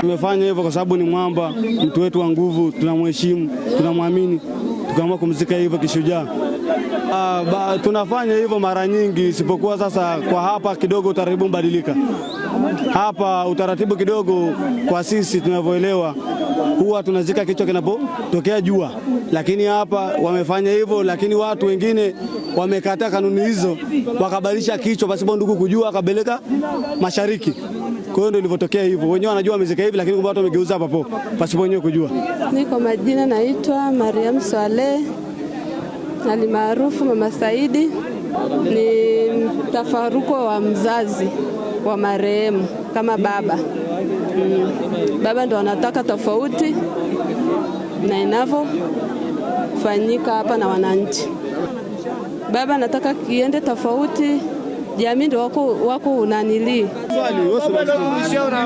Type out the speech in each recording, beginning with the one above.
Tumefanya hivyo kwa sababu ni mwamba, mtu wetu wa nguvu, tunamheshimu, tunamwamini, tukaamua kumzika hivyo kishujaa. Uh, ba, tunafanya hivyo mara nyingi, isipokuwa sasa kwa hapa kidogo utaratibu mbadilika. Hapa utaratibu kidogo, kwa sisi tunavyoelewa, huwa tunazika kichwa kinapotokea jua, lakini hapa wamefanya hivyo, lakini watu wengine wamekataa kanuni hizo, wakabadilisha kichwa pasipo ndugu kujua, akabeleka mashariki. Kwa hiyo ndio ilivyotokea hivyo, wenyewe wanajua wamezika hivi, lakini watu wamegeuza hapo pasipo wenyewe kujua. Ni kwa majina naitwa Mariam Swaleh alimaarufu Mama Saidi ni mtafaruko wa mzazi wa marehemu kama baba mm. Baba ndo anataka tofauti na inavyofanyika hapa na wananchi. Baba anataka kiende tofauti jamii ndio wako wako nanili.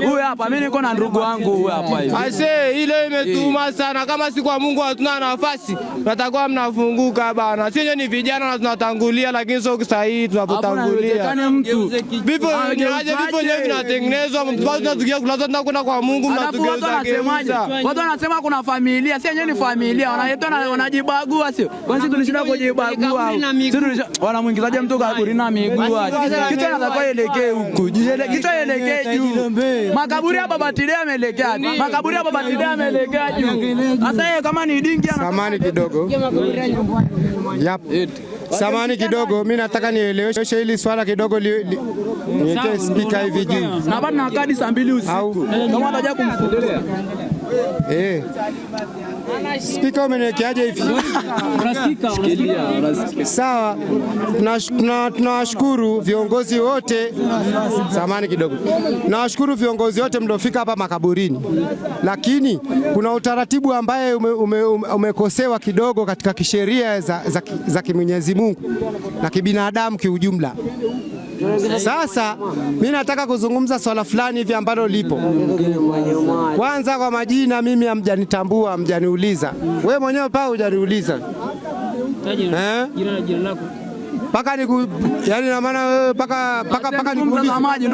Huyu hapa mimi niko na ndugu wangu huyu hapa hivi. ile imetuma sana, kama si kwa Mungu hatuna nafasi, tunatakiwa mnafunguka bana. Sisi ni vijana na tunatangulia, lakini sio sahihi tunapotangulia. Vipo aje, vipo nyewe vinatengenezwa, mtu tunatukia kulaza, kwa Mungu, mnatugeuza Watu wanasema kuna familia, sisi ni familia, wanaitwa wanajibagua, sio? Kwani tulishinda kujibagua? Sisi wanamuingizaje mtu na miguu? kichwa huko, kichwa juu. Makaburi hapa yaani makaburi hapa juu. Sasa kama ni dingi, samani kidogo, samani kidogo, nataka nieleweshe hili swala kidogo, niwekee spika hivi juu, na bado na kadi saa mbili usiku kama ataja Eh. Spika umeniwekeaje hivi? Sawa, tunawashukuru viongozi wote, samani kidogo, tunawashukuru viongozi wote mliofika hapa makaburini, lakini kuna utaratibu ambaye ume, ume, umekosewa kidogo katika kisheria za, za, za kimwenyezi Mungu na kibinadamu kiujumla. Sasa mimi nataka kuzungumza swala fulani hivi ambalo lipo. Kwanza kwa majina, mimi hamjanitambua, hamjaniuliza. Wewe mwenyewe paa hujaniuliza eh? paka niku yani na maana wewe eh, paka paka paka maji,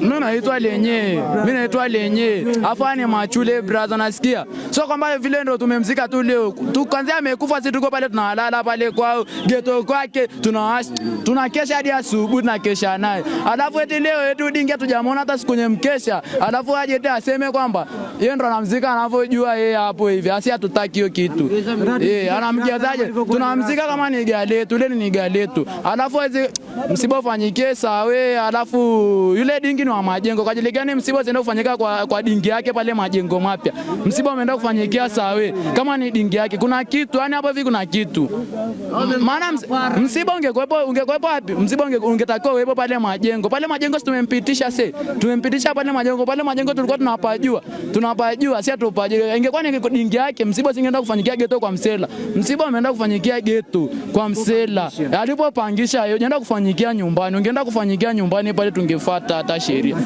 Mimi naitwa lenye, mimi naitwa lenye, afa ni machule brother, nasikia so kwamba vile ndo tumemzika tu leo tukaanza amekufa, sisi tuko pale tunalala pale kwao geto kwake, tuna tunakesha hadi asubuhi, kesha naye alafu eti leo eti udinge tujamona hata siku nyemkesha, mkesha, alafu aje eti aseme kwamba yeye ndo anamzika anavyojua yeye hapo hivi, asi hatutaki hiyo kitu. Eh, anamjazaje? Tunamzika kama ni gari letu, ile ni gari letu, alafu msiba ufanyikie sawe, alafu yule dingi ni wa majengo. Kwa ajili gani msiba zenda kufanyika kwa, kwa dingi yake pale majengo mapya? Msiba umeenda kufanyikia sawe, kama ni dingi yake, kuna kitu yani hapo hivi kuna kitu. Maana msiba ungekuepo, ungekuepo wapi? Msiba ungetakiwa uwepo pale majengo, pale majengo tumempitisha, sasa tumempitisha pale majengo, pale majengo tulikuwa tunapajua tuna tunapajua si atupajua. Ingekuwa ni dingi yake, msiba singeenda kufanyikia geto kwa msela, msiba ameenda kufanyikia geto kwa msela alipopangisha, yeye, unaenda kufanyikia nyumbani, ungeenda kufanyikia nyumbani pale, tungefuata hata sheria.